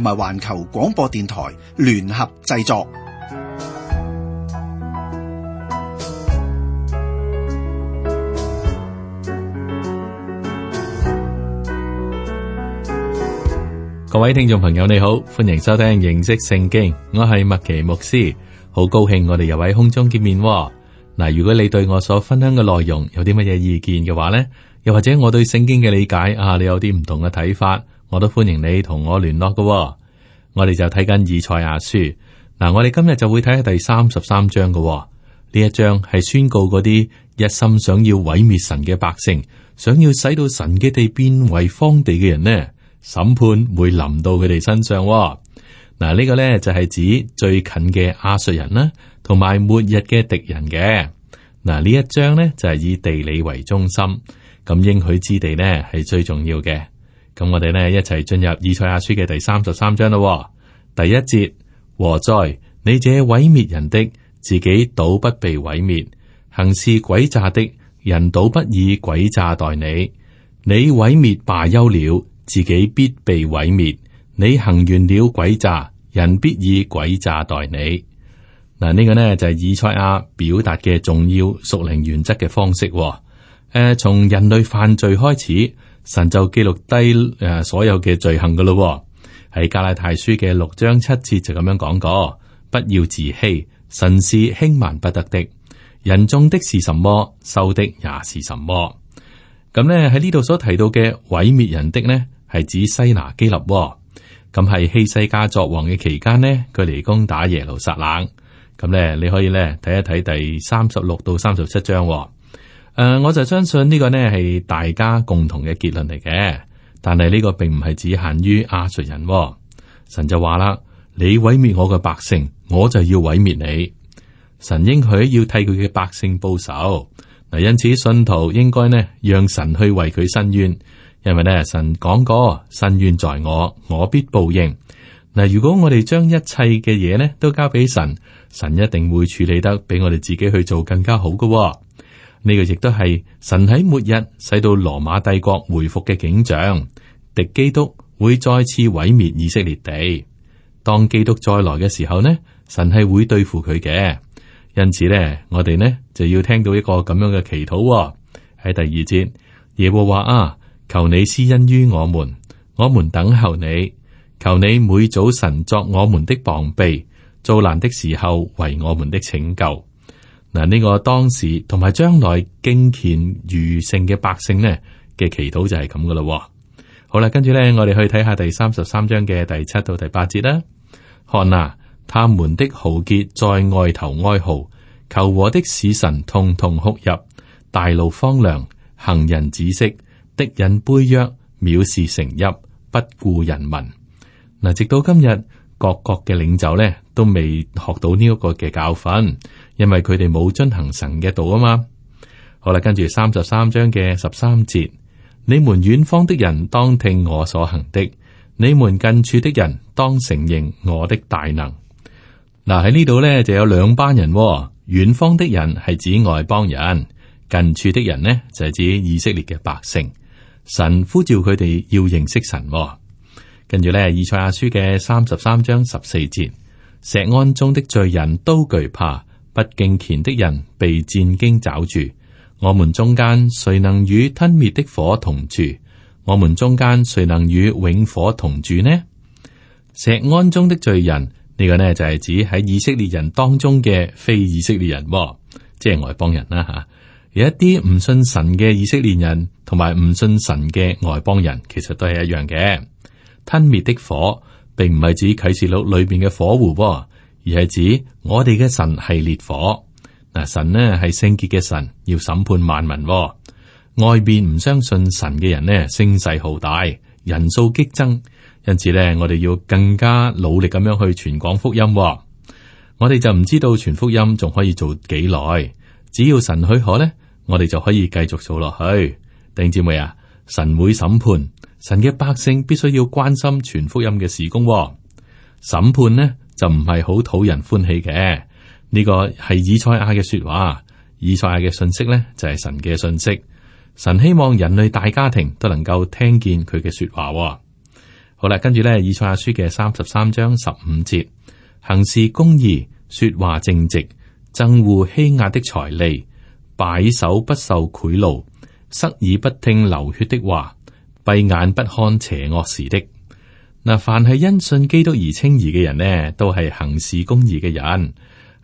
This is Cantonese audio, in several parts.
同埋環球廣播電台聯合製作。各位聽眾朋友，你好，歡迎收聽認識聖經。我係麥奇牧師，好高興我哋又喺空中見面。嗱，如果你對我所分享嘅內容有啲乜嘢意見嘅話呢，又或者我對聖經嘅理解啊，你有啲唔同嘅睇法。我都歡迎你同我聯絡嘅、哦，我哋就睇緊以賽亞書。嗱，我哋今日就會睇下第三十三章嘅、哦，呢一章係宣告嗰啲一心想要毀滅神嘅百姓，想要使到神嘅地變為荒地嘅人呢，審判會臨到佢哋身上、哦。嗱，呢個呢就係指最近嘅亞述人啦，同埋末日嘅敵人嘅。嗱，呢一章呢就係以地理為中心，咁應許之地呢係最重要嘅。咁我哋呢一齊進入以賽亞書嘅第三十三章咯、哦，第一節，禍哉，你這毀滅人的，自己倒不被毀滅；行事詭詐的，人倒不以詭詐待你。你毀滅罷休了，自己必被毀滅；你行完了詭詐，人必以詭詐待你。嗱，呢個呢就係、是、以賽亞表達嘅重要屬靈原則嘅方式、哦。誒、呃，從人類犯罪開始。神就記錄低誒所有嘅罪行噶咯，喺加拉太書嘅六章七節就咁樣講過，不要自欺，神是輕慢不得的，人種的是什麼，收的也是什麼。咁咧喺呢度所提到嘅毀滅人的呢，係指西拿基立、哦，咁係希西家作王嘅期間呢，佢嚟攻打耶路撒冷。咁咧你可以咧睇一睇第三十六到三十七章、哦。誒、呃，我就相信呢個咧係大家共同嘅結論嚟嘅，但係呢個並唔係只限於亞述人、哦。神就話啦：你毀滅我嘅百姓，我就要毀滅你。神應許要替佢嘅百姓報仇。嗱，因此信徒應該呢讓神去為佢伸冤，因為呢，神講過：伸冤在我，我必報應。嗱，如果我哋將一切嘅嘢呢都交俾神，神一定會處理得比我哋自己去做更加好噶、哦。呢個亦都係神喺末日使到羅馬帝國回復嘅景象，敵基督會再次毀滅以色列地。當基督再來嘅時候呢，神係會對付佢嘅。因此呢，我哋呢就要聽到一個咁樣嘅祈禱喺、哦、第二節。耶和華啊，求你施恩於我們，我們等候你。求你每早晨作我們的膀臂，做難的時候為我們的拯救。嗱，呢個當時同埋將來敬虔餘剩嘅百姓呢嘅祈禱就係咁噶啦。好啦，跟住咧，我哋去睇下第三十三章嘅第七到第八節啦。看啊，他們的豪傑在外頭哀嚎，求和的使臣痛痛哭泣，大路荒涼，行人止息，敵人背約，藐視城邑，不顧人民。嗱、嗯，直到今日，各國嘅領袖呢都未學到呢一個嘅教訓。因為佢哋冇遵行神嘅道啊嘛。好啦，跟住三十三章嘅十三節，你們遠方的人當聽我所行的，你們近處的人當承認我的大能。嗱、啊、喺呢度呢就有兩班人、哦，遠方的人係指外邦人，近處的人呢就係、是、指以色列嘅百姓。神呼召佢哋要認識神、哦。跟住呢，以賽亞書嘅三十三章十四節，錫安中的罪人都懼怕。不敬虔的人被戰兢抓住，我們中間誰能與吞滅的火同住？我們中間誰能與永火同住呢？錫安中的罪人，呢、這個呢就係、是、指喺以色列人當中嘅非以色列人，即係外邦人啦、啊、吓。有一啲唔信神嘅以色列人同埋唔信神嘅外邦人，其實都係一樣嘅。吞滅的火並唔係指啟示錄裏邊嘅火湖。而係指我哋嘅神係烈火，嗱，神呢係聖潔嘅神，要審判萬民。外邊唔相信神嘅人呢，聲勢浩大，人數激增，因此呢，我哋要更加努力咁樣去傳講福音。我哋就唔知道傳福音仲可以做幾耐，只要神許可呢，我哋就可以繼續做落去。弟兄姐妹啊，神會審判，神嘅百姓必須要關心傳福音嘅事工。審判呢，就唔係好討人歡喜嘅，呢、這個係以賽亞嘅說話，以賽亞嘅信息呢，就係、是、神嘅信息，神希望人類大家庭都能夠聽見佢嘅說話、哦。好啦，跟住呢，以賽亞書嘅三十三章十五節，行事公義，說話正直，憎惡欺壓的財利，擺手不受賄賂，塞耳不聽流血的話，閉眼不看邪惡事的。嗱，凡係因信基督而稱義嘅人咧，都係行事公義嘅人。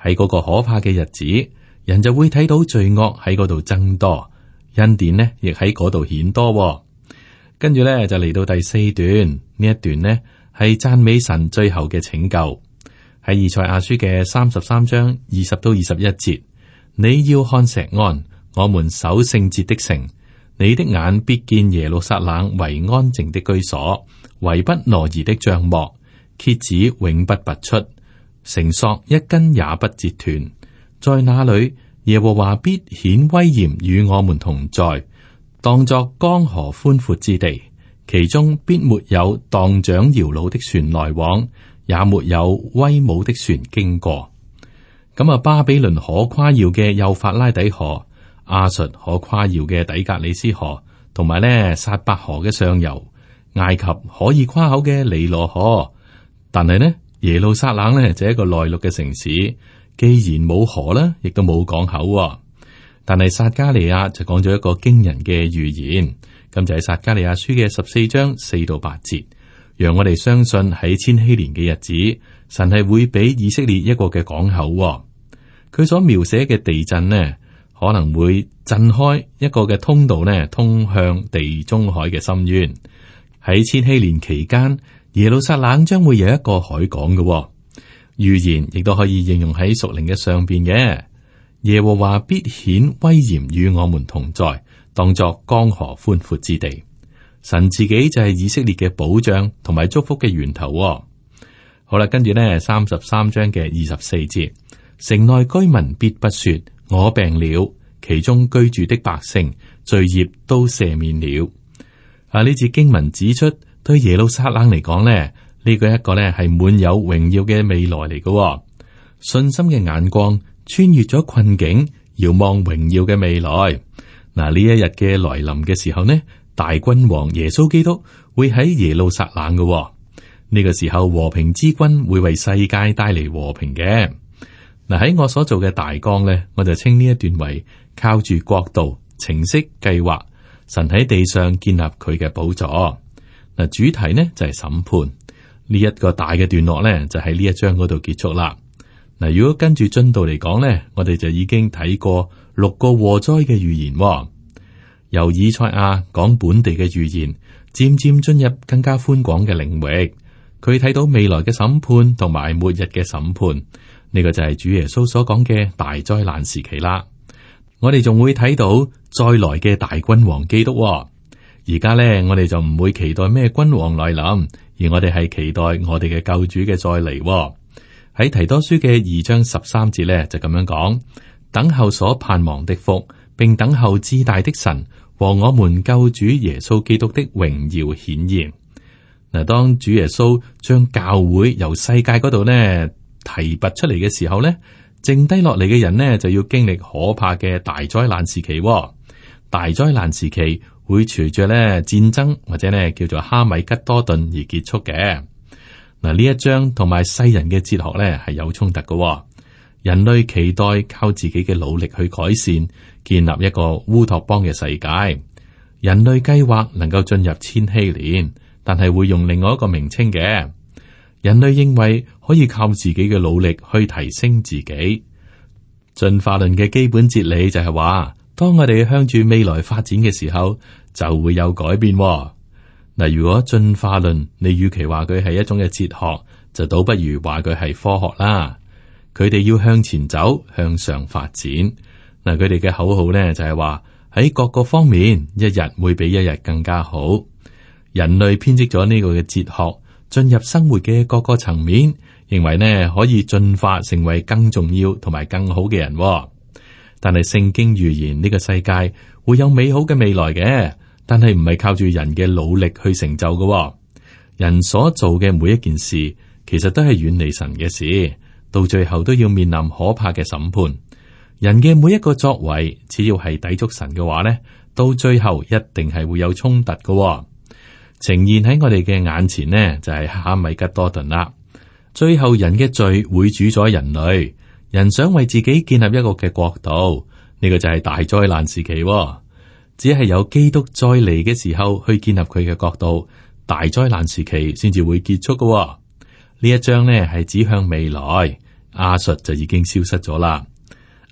喺嗰個可怕嘅日子，人就會睇到罪惡喺嗰度增多，恩典呢亦喺嗰度顯多，哦。跟住咧就嚟到第四段呢一段呢，係讚美神最後嘅拯救，喺以賽亞書嘅三十三章二十到二十一節。你要看錫安，我們守聖節的城，你的眼必見耶路撒冷為安靜的居所。維不挪移的帳幕，橛子永不拔出，繩索一根也不折斷。在那裏，耶和華必顯威嚴與我們同在，當作江河寬闊之地，其中必沒有蕩槳搖櫓的船來往，也沒有威武的船經過。咁啊，巴比倫可誇耀嘅幼發拉底河，亞述可誇耀嘅底格里斯河，同埋呢薩伯河嘅上游。埃及可以誇口嘅尼羅河，但係呢，耶路撒冷呢就一個內陸嘅城市。既然冇河啦，亦都冇港口。但係撒加利亞就講咗一個驚人嘅預言，咁就喺撒加利亞書嘅十四章四到八節，讓我哋相信喺千禧年嘅日子，神係會俾以色列一個嘅港口。佢所描寫嘅地震呢，可能會震開一個嘅通道呢，通向地中海嘅深淵。喺千禧年期間，耶路撒冷將會有一個海港嘅、哦、預言，亦都可以應用喺屬靈嘅上邊嘅。耶和華必顯威嚴與我們同在，當作江河寬闊之地。神自己就係以色列嘅保障同埋祝福嘅源頭、哦。好啦，跟住呢三十三章嘅二十四節，城內居民必不說我病了，其中居住的百姓罪孽都赦免了。啊！呢次經文指出，對耶路撒冷嚟講咧，呢、這個一個咧係滿有榮耀嘅未來嚟嘅，哦，信心嘅眼光穿越咗困境，遙望榮耀嘅未來。嗱，呢一日嘅來臨嘅時候呢，大君王耶穌基督會喺耶路撒冷嘅，哦。呢、這個時候和平之君會為世界帶嚟和平嘅。嗱，喺我所做嘅大綱呢，我就稱呢一段為靠住國度程式計劃。神喺地上建立佢嘅寶座，嗱主題呢就係審判。呢一個大嘅段落呢就喺呢一章嗰度結束啦。嗱，如果跟住進度嚟講呢，我哋就已經睇過六個禍災嘅預言，由以賽亞講本地嘅預言，漸漸進入更加寬廣嘅領域。佢睇到未來嘅審判同埋末日嘅審判，呢個就係主耶穌所講嘅大災難時期啦。我哋仲會睇到再來嘅大君王基督，哦。而家呢，我哋就唔會期待咩君王來臨，而我哋係期待我哋嘅救主嘅再嚟，哦。喺提多書嘅二章十三節呢，就咁樣講：等候所盼望的福，並等候至大的神和我們救主耶穌基督的榮耀顯現。嗱，當主耶穌將教會由世界嗰度呢提拔出嚟嘅時候呢。剩低落嚟嘅人呢，就要經歷可怕嘅大災難時期喎。大災難時期會隨住呢戰爭或者呢叫做哈米吉多頓而結束嘅。嗱，呢一章同埋世人嘅哲學呢係有衝突嘅喎。人類期待靠自己嘅努力去改善，建立一個烏托邦嘅世界。人類計劃能夠進入千禧年，但係會用另外一個名稱嘅。人類認為可以靠自己嘅努力去提升自己。進化論嘅基本哲理就係話，當我哋向住未來發展嘅時候，就會有改變哦。嗱，如果進化論，你與其話佢係一種嘅哲學，就倒不如話佢係科學啦。佢哋要向前走，向上發展。嗱，佢哋嘅口號呢，就係話，喺各個方面，一日會比一日更加好。人類編織咗呢個嘅哲學。進入生活嘅各個層面，認為呢可以進化成為更重要同埋更好嘅人。但係聖經預言呢個世界會有美好嘅未來嘅，但係唔係靠住人嘅努力去成就嘅。人所做嘅每一件事，其實都係遠離神嘅事，到最後都要面臨可怕嘅審判。人嘅每一個作為，只要係抵觸神嘅話呢，到最後一定係會有衝突嘅。呈現喺我哋嘅眼前呢，就係、是、哈米吉多頓啦。最後人嘅罪會主宰人類，人想為自己建立一個嘅國度，呢、這個就係大災難時期、哦。只係有基督再嚟嘅時候，去建立佢嘅國度，大災難時期先至會結束嘅、哦。呢一章呢，係指向未來，亞述就已經消失咗啦。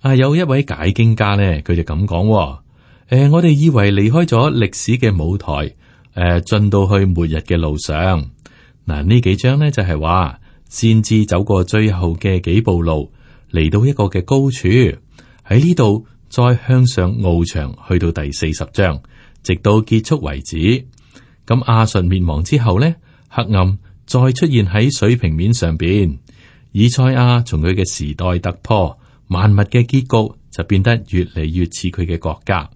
啊，有一位解經家呢，佢就咁講、哦：誒、呃，我哋以為離開咗歷史嘅舞台。誒，進到去末日嘅路上，嗱，呢幾章呢就係話，先至走過最後嘅幾步路，嚟到一個嘅高處，喺呢度再向上翱翔，去到第四十章，直到結束為止。咁亞述滅亡之後呢，黑暗再出現喺水平面上邊，以賽亞從佢嘅時代突破，萬物嘅結局就變得越嚟越似佢嘅國家。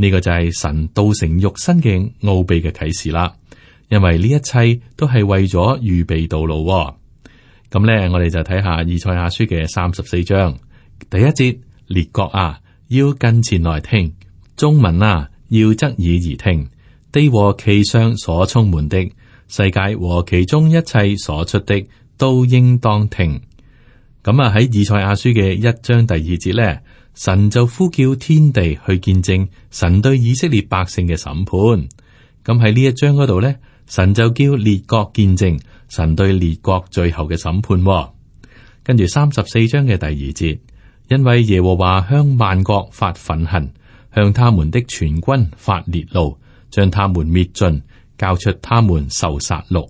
呢個就係神道成肉身嘅奧秘嘅啟示啦，因為呢一切都係為咗預備道路，哦。咁呢，我哋就睇下以賽亞書嘅三十四章第一節：列國啊，要近前來聽；中文啊，要側耳而聽。地和其上所充滿的，世界和其中一切所出的，都應當聽。咁啊，喺以賽亞書嘅一章第二節呢。神就呼叫天地去見證神對以色列百姓嘅審判。咁喺呢一章嗰度咧，神就叫列國見證神對列國最後嘅審判。跟住三十四章嘅第二節，因為耶和華向萬國發憤恨，向他們的全軍發烈怒，將他們滅盡，交出他們受殺戮。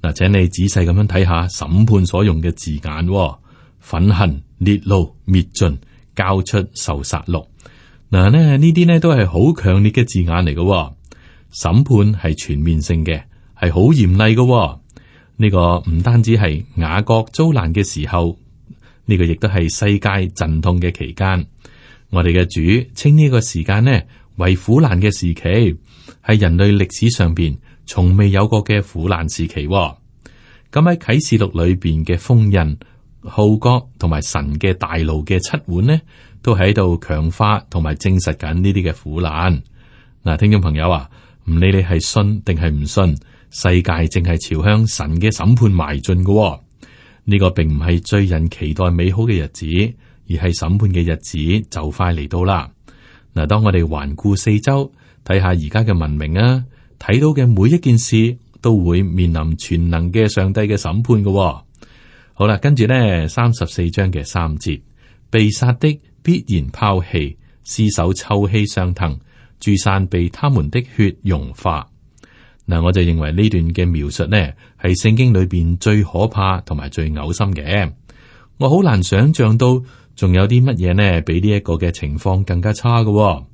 嗱，請你仔細咁樣睇下審判所用嘅字眼：憤恨、烈怒、滅盡。交出受殺戮。嗱，呢呢啲呢都係好強烈嘅字眼嚟嘅。審判係全面性嘅，係好嚴厲嘅。呢個唔單止係雅各遭難嘅時候，呢個亦都係世界陣痛嘅期間。我哋嘅主稱呢個時間呢為苦難嘅時期，係人類歷史上邊從未有過嘅苦難時期。咁喺啟示錄裏邊嘅封印。浩號角同埋神嘅大路嘅七碗呢，都喺度強化同埋證實緊呢啲嘅苦難。嗱、啊，聽眾朋友啊，唔理你係信定係唔信，世界淨係朝向神嘅審判邁進嘅。呢，這個並唔係最人期待美好嘅日子，而係審判嘅日子就快嚟到啦。嗱、啊，當我哋環顧四周，睇下而家嘅文明啊，睇到嘅每一件事都會面臨全能嘅上帝嘅審判嘅、哦。好啦，跟住呢三十四章嘅三節，被殺的必然拋棄，屍首臭氣上騰，諸山被他們的血融化。嗱，我就認為呢段嘅描述呢，係聖經裏邊最可怕同埋最嘔心嘅。我好難想象到，仲有啲乜嘢呢，比呢一個嘅情況更加差嘅、哦。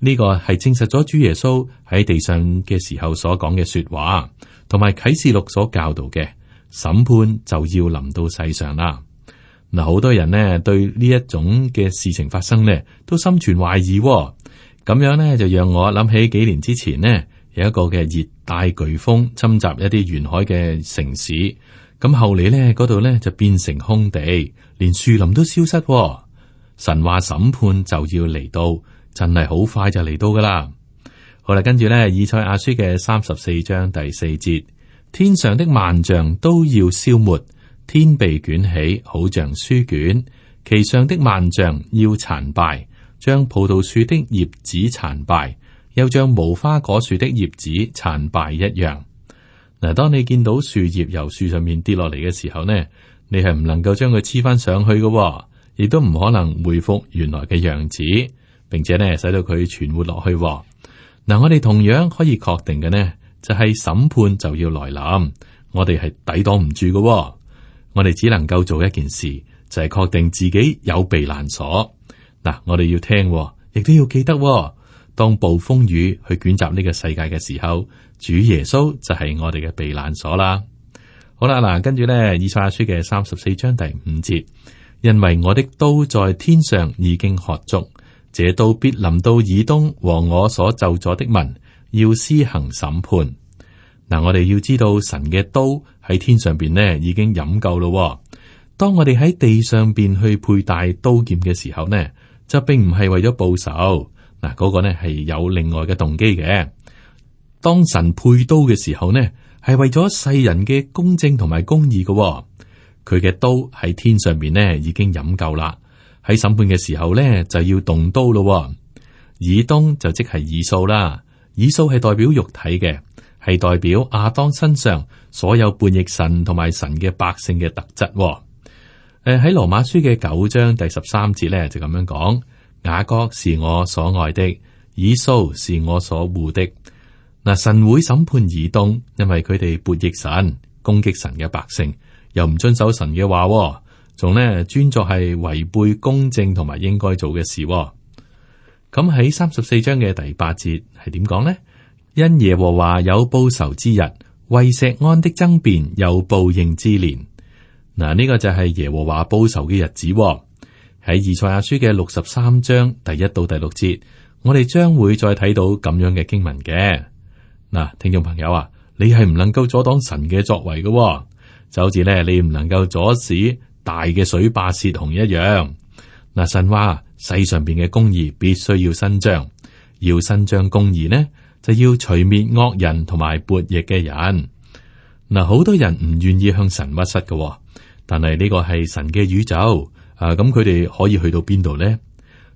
呢、呢個係證實咗主耶穌喺地上嘅時候所講嘅說話，同埋啟示錄所教導嘅。審判就要臨到世上啦，嗱，好多人呢，對呢一種嘅事情發生呢，都心存懷疑喎，咁樣呢，就讓我諗起幾年之前呢，有一個嘅熱帶颶風侵襲一啲沿海嘅城市，咁後嚟呢，嗰度呢，就變成空地，連樹林都消失喎。神話審判就要嚟到，真係好快就嚟到噶啦。好啦，跟住呢，以賽亞書嘅三十四章第四節。天上的萬象都要消沒，天被捲起，好像書卷，其上的萬象要殘敗，將葡萄樹的葉子殘敗，又像無花果樹的葉子殘敗一樣。嗱，當你見到樹葉由樹上面跌落嚟嘅時候呢，你係唔能夠將佢黐翻上去嘅，亦都唔可能恢復原來嘅樣子，並且呢，使到佢存活落去。嗱、啊，我哋同樣可以確定嘅呢？就係審判就要來臨，我哋係抵擋唔住嘅、哦，我哋只能夠做一件事，就係、是、確定自己有避難所。嗱，我哋要聽、哦，亦都要記得、哦，當暴風雨去捲襲呢個世界嘅時候，主耶穌就係我哋嘅避難所啦。好啦，嗱，跟住呢，以賽亞書嘅三十四章第五節，因為我的刀在天上已經喝足，這刀必臨到以東和我所咒詛的民。要施行審判，嗱，我哋要知道神嘅刀喺天上邊呢已經飲夠咯。當我哋喺地上邊去佩戴刀劍嘅時候呢，就並唔係為咗報仇，嗱，嗰個呢係有另外嘅動機嘅。當神佩刀嘅時候呢，係為咗世人嘅公正同埋公義嘅。佢嘅刀喺天上邊呢已經飲夠啦，喺審判嘅時候呢，就要動刀咯。以東就即係以掃啦。以掃係代表肉體嘅，係代表亞當身上所有叛逆神同埋神嘅百姓嘅特質、哦。誒、呃、喺羅馬書嘅九章第十三節咧就咁樣講，雅各是我所愛的，以掃是我所護的。嗱、呃、神會審判以東，因為佢哋叛逆神，攻擊神嘅百姓，又唔遵守神嘅話、哦，仲呢，專做係違背公正同埋應該做嘅事、哦。咁喺三十四章嘅第八節係點講呢？因耶和華有報仇之日，為錫安的爭辯有報應之年。嗱，呢個就係耶和華報仇嘅日子喎。喺以賽亞書嘅六十三章第一到第六節，我哋將會再睇到咁樣嘅經文嘅。嗱，聽眾朋友啊，你係唔能夠阻擋神嘅作為嘅喎，就好似咧你唔能夠阻止大嘅水壩洩洪一樣。嗱，神話。世上邊嘅公義必須要伸張，要伸張公義呢，就要除滅惡人同埋悖逆嘅人。嗱，好多人唔願意向神屈失屈膝嘅，但係呢個係神嘅宇宙啊，咁佢哋可以去到邊度呢？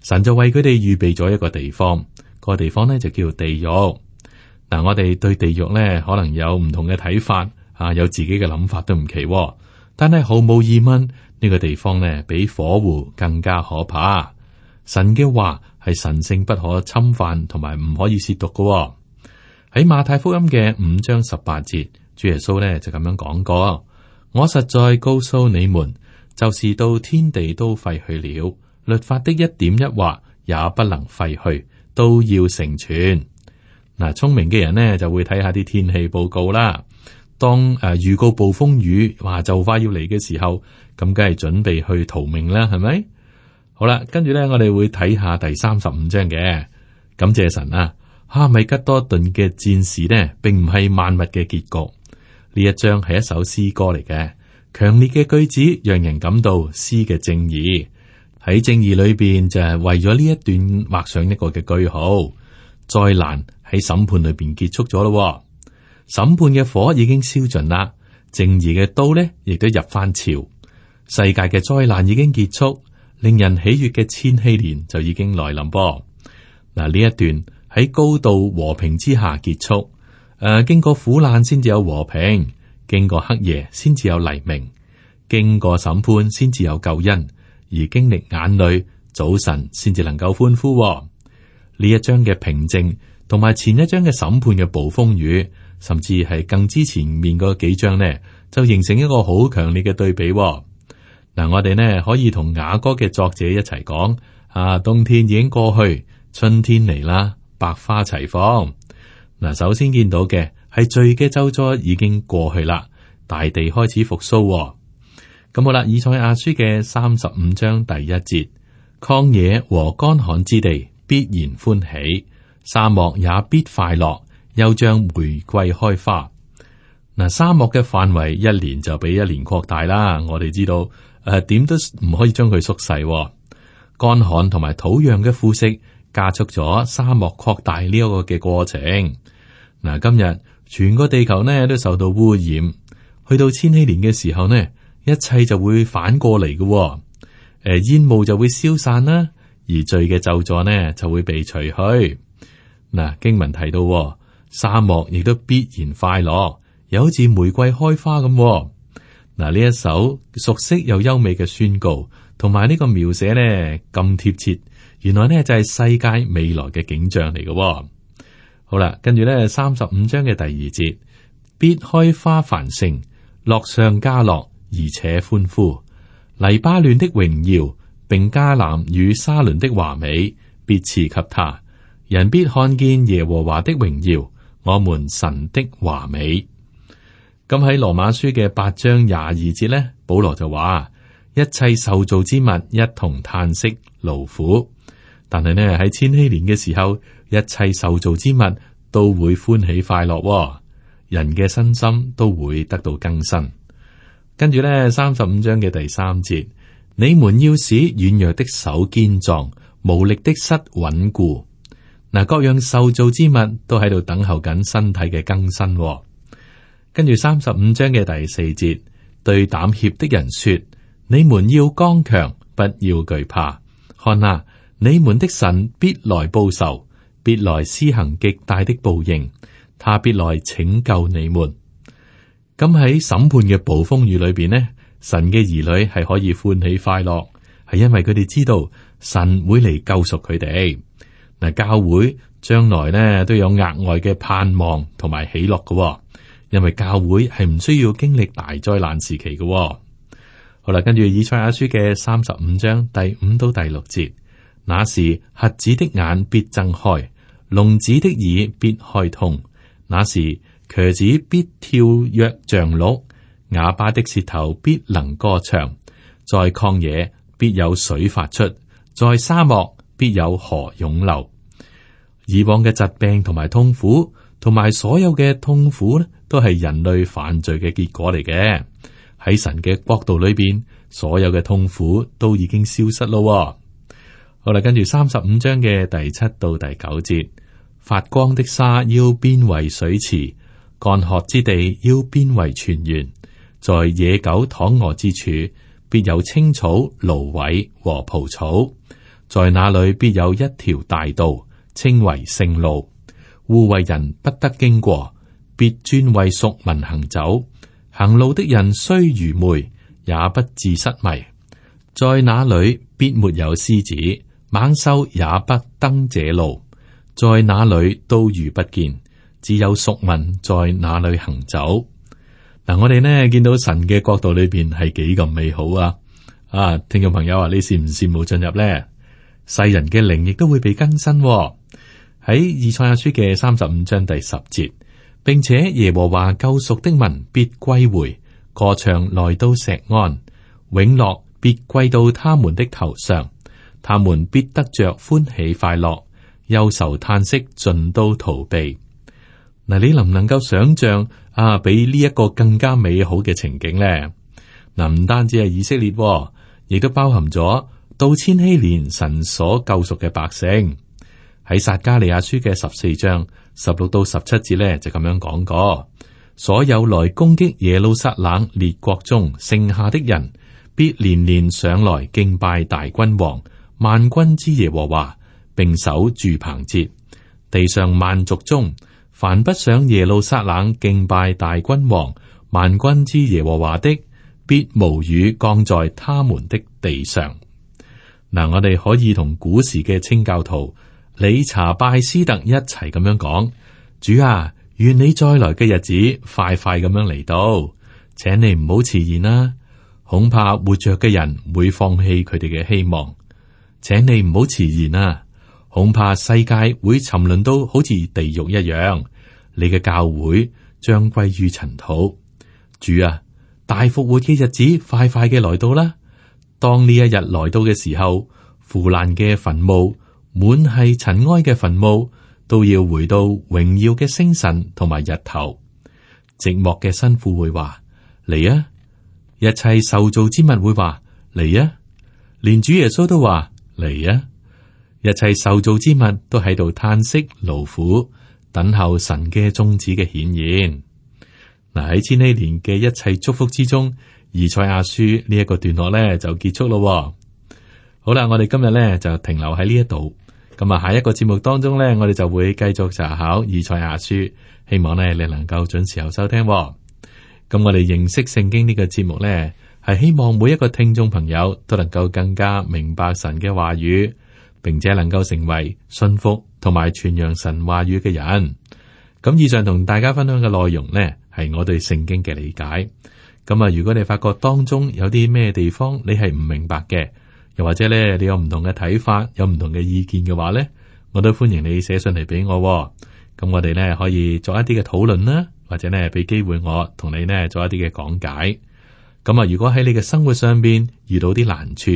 神就為佢哋預備咗一個地方，個地方呢就叫地獄。嗱、啊，我哋對地獄呢可能有唔同嘅睇法啊，有自己嘅諗法都唔奇，但係毫無疑問呢、呢個地方呢比火湖更加可怕。神嘅話係神聖不可侵犯，同埋唔可以褻瀆嘅。喺馬太福音嘅五章十八節，主耶穌咧就咁樣講過：我實在告訴你們，就是到天地都廢去了，律法的一點一畫也不能廢去，都要成全。嗱，聰明嘅人呢就會睇下啲天氣報告啦。當誒預告暴風雨話就快要嚟嘅時候，咁梗係準備去逃命啦，係咪？好啦，跟住咧，我哋會睇下第三十五章嘅感謝神啊。哈米吉多頓嘅戰士呢，並唔係萬物嘅結局。呢一章係一首詩歌嚟嘅，強烈嘅句子讓人感到詩嘅正義。喺正義裏邊就係為咗呢一段畫上一個嘅句號。災難喺審判裏邊結束咗咯，審判嘅火已經燒盡啦。正義嘅刀呢，亦都入翻潮，世界嘅災難已經結束。令人喜悅嘅千禧年就已經來臨噃，嗱，呢一段喺高度和平之下結束。誒、呃，經過苦難先至有和平，經過黑夜先至有黎明，經過審判先至有救恩，而經歷眼淚早晨先至能夠歡呼、哦。呢一章嘅平靜同埋前一章嘅審判嘅暴風雨，甚至係更之前面嗰幾章呢，就形成一個好強烈嘅對比、哦。嗱，我哋呢可以同雅歌嘅作者一齊講，啊，冬天已經過去，春天嚟啦，百花齊放。嗱、啊，首先見到嘅係罪嘅咒詛已經過去啦，大地開始復蘇、哦。咁好啦，以賽亞書嘅三十五章第一節，曠野和乾旱之地必然歡喜，沙漠也必快樂，又將玫瑰開花。嗱、啊，沙漠嘅範圍一年就比一年擴大啦，我哋知道。誒、點、啊、都唔可以將佢縮細，乾旱同埋土壤嘅腐蝕加速咗沙漠擴大呢一個嘅過程。嗱、啊，今日全個地球呢都受到污染，去到千禧年嘅時候呢，一切就會反過嚟嘅、哦。誒、啊，煙霧就會消散啦，而罪嘅咒詛呢就會被除去。嗱、啊，經文提到、哦，沙漠亦都必然快樂，又好似玫瑰開花咁、哦。嗱，呢一首熟悉又優美嘅宣告，同埋呢個描寫呢咁貼切，原來呢就係、是、世界未來嘅景象嚟嘅、哦。好啦，跟住呢，三十五章嘅第二節，必開花繁盛，樂上加樂，而且歡呼。黎巴嫩的榮耀，並加南與沙倫的華美，必賜給他。人必看見耶和華的榮耀，我們神的華美。咁喺羅馬書嘅八章廿二節咧，保羅就話：一切受造之物一同嘆息勞苦，但係咧喺千禧年嘅時候，一切受造之物都會歡喜快樂、哦，人嘅身心都會得到更新。跟住咧，三十五章嘅第三節，你們要使軟弱的手堅壯，無力的膝穩固。嗱，各樣受造之物都喺度等候緊身體嘅更新、哦。跟住三十五章嘅第四節，對膽怯的人說：你們要剛強，不要懼怕。看啊，你們的神必來報仇，必來施行極大的報應，他必來拯救你們。咁喺審判嘅暴風雨裏邊咧，神嘅兒女係可以歡喜快樂，係因為佢哋知道神會嚟救贖佢哋嗱。教會將來咧都有額外嘅盼望同埋喜樂嘅。因為教會係唔需要經歷大災難時期嘅、哦。好啦，跟住以賽亞書嘅三十五章第五到第六節，那時瞎子的眼必睜開，聾子的耳必開通，那時瘸子必跳躍像鹿，啞巴的舌頭必能歌唱，在曠野必有水發出，在沙漠必有河湧流。以往嘅疾病同埋痛苦。同埋所有嘅痛苦呢，都係人類犯罪嘅結果嚟嘅。喺神嘅國度裏邊，所有嘅痛苦都已經消失咯。好啦，跟住三十五章嘅第七到第九節：發光的沙要變為水池，乾涸之地要變為泉源。在野狗躺卧之處，必有青草、蘆葦和蒲草。在那裡，必有一條大道，稱為聖路。污穢人不得經過，必專為贖民行走，行路的人雖愚昧，也不致失迷，在那裡必沒有獅子，猛獸也不登這路，在那裡都遇不見，只有贖民在那裡行走。嗱，我哋呢見到神嘅國度裡面係幾咁美好啊，聽眾朋友啊，你羨唔羨慕進入呢？世人嘅靈亦都會被更新，喺《以賽亞書》嘅三十五章第十節，並且耶和華救贖的民必歸回，歌唱來到錫安，永樂必歸到他們的頭上，他們必得着歡喜快樂，憂愁嘆息盡都逃避。嗱，你能唔能夠想象啊？比呢一個更加美好嘅情景呢？嗱，唔單止係以色列、哦，亦都包含咗到千禧年神所救贖嘅百姓。喺撒迦利亞書嘅十四章十六到十七節呢，就咁樣講過：所有來攻擊耶路撒冷列國中剩下的人，必連連上來敬拜大君王萬軍之耶和華，並守住棚節。地上萬族中凡不上耶路撒冷敬拜大君王萬軍之耶和華的，必無雨降在他們的地上。嗱，我哋可以同古時嘅清教徒，理查拜斯特一齊咁樣講：主啊，願你再來嘅日子快快咁樣嚟到，請你唔好遲延啦，恐怕活着嘅人會放棄佢哋嘅希望，請你唔好遲延啊，恐怕世界會沉淪到好似地獄一樣，你嘅教會將歸於塵土。主啊，大復活嘅日子快快嘅來到啦，當呢一日來到嘅時候，腐爛嘅墳墓。滿係塵埃嘅墳墓都要回到榮耀嘅星辰同埋日頭。寂寞嘅新婦會話嚟啊，一切受造之物會話嚟啊，連主耶穌都話嚟啊，一切受造之物都喺度嘆息勞苦，等候神嘅宗旨嘅顯現。嗱喺千禧年嘅一切祝福之中，以賽亞書呢一個段落咧就結束咯。好啦，我哋今日咧就停留喺呢一度。咁啊，下一個節目當中咧，我哋就會繼續查考以賽亞書，希望咧你能夠準時有收聽、哦。咁我哋認識聖經呢個節目咧，係希望每一個聽眾朋友都能夠更加明白神嘅話語，並且能夠成為信服同埋傳揚神話語嘅人。咁以上同大家分享嘅內容咧，係我對聖經嘅理解。咁啊，如果你發覺當中有啲咩地方你係唔明白嘅，又或者咧，你有唔同嘅睇法，有唔同嘅意見嘅話咧，我都歡迎你寫信嚟俾我。咁、嗯、我哋咧可以作一啲嘅討論啦，或者咧俾機會我同你咧作一啲嘅講解。咁、嗯、啊，如果喺你嘅生活上邊遇到啲難處，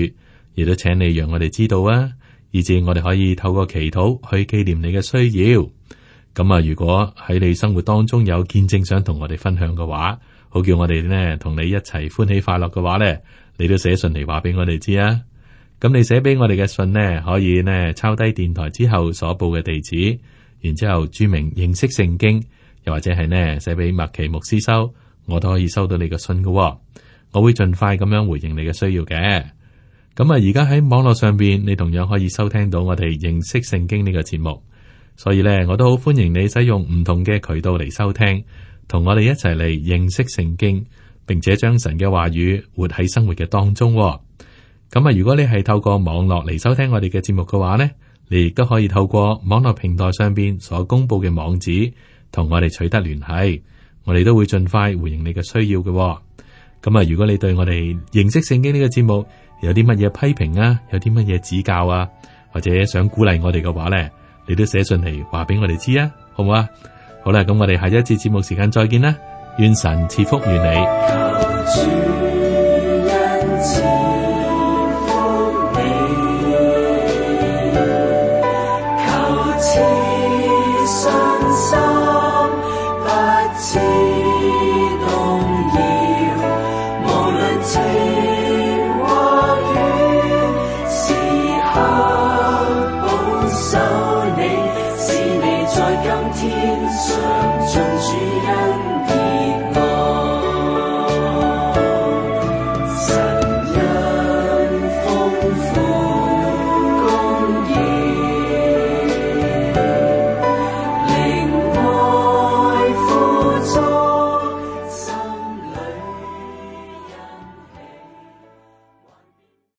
亦都請你讓我哋知道啊，以至我哋可以透過祈禱去紀念你嘅需要。咁、嗯、啊，如果喺你生活當中有見證想同我哋分享嘅話，好叫我哋咧同你一齊歡喜快樂嘅話咧，你都寫信嚟話俾我哋知啊。咁你寫俾我哋嘅信呢，可以呢抄低電台之後所報嘅地址，然之後注明認識聖經，又或者係呢寫俾麥奇牧師收，我都可以收到你嘅信㗎，我會盡快咁樣回應你嘅需要嘅。咁 啊樂，而家喺網絡上邊，你同樣可以收聽到我哋認識聖經呢個節目，所以呢，我都好歡迎你使用唔同嘅渠道嚟收聽，同我哋一齊嚟認識聖經，並且將神嘅話語活喺生活嘅當中。咁啊，如果你係透過網絡嚟收聽我哋嘅節目嘅話呢，你亦都可以透過網絡平台上邊所公布嘅網址，同我哋取得聯繫，我哋都會盡快回應你嘅需要嘅，哦。咁、嗯、啊，如果你對我哋認識聖經呢個節目有啲乜嘢批評啊，有啲乜嘢指教啊，或者想鼓勵我哋嘅話呢，你都寫信嚟話俾我哋知啊，好唔好啊？好啦，咁我哋下一次節目時間再見啦，願神賜福與你。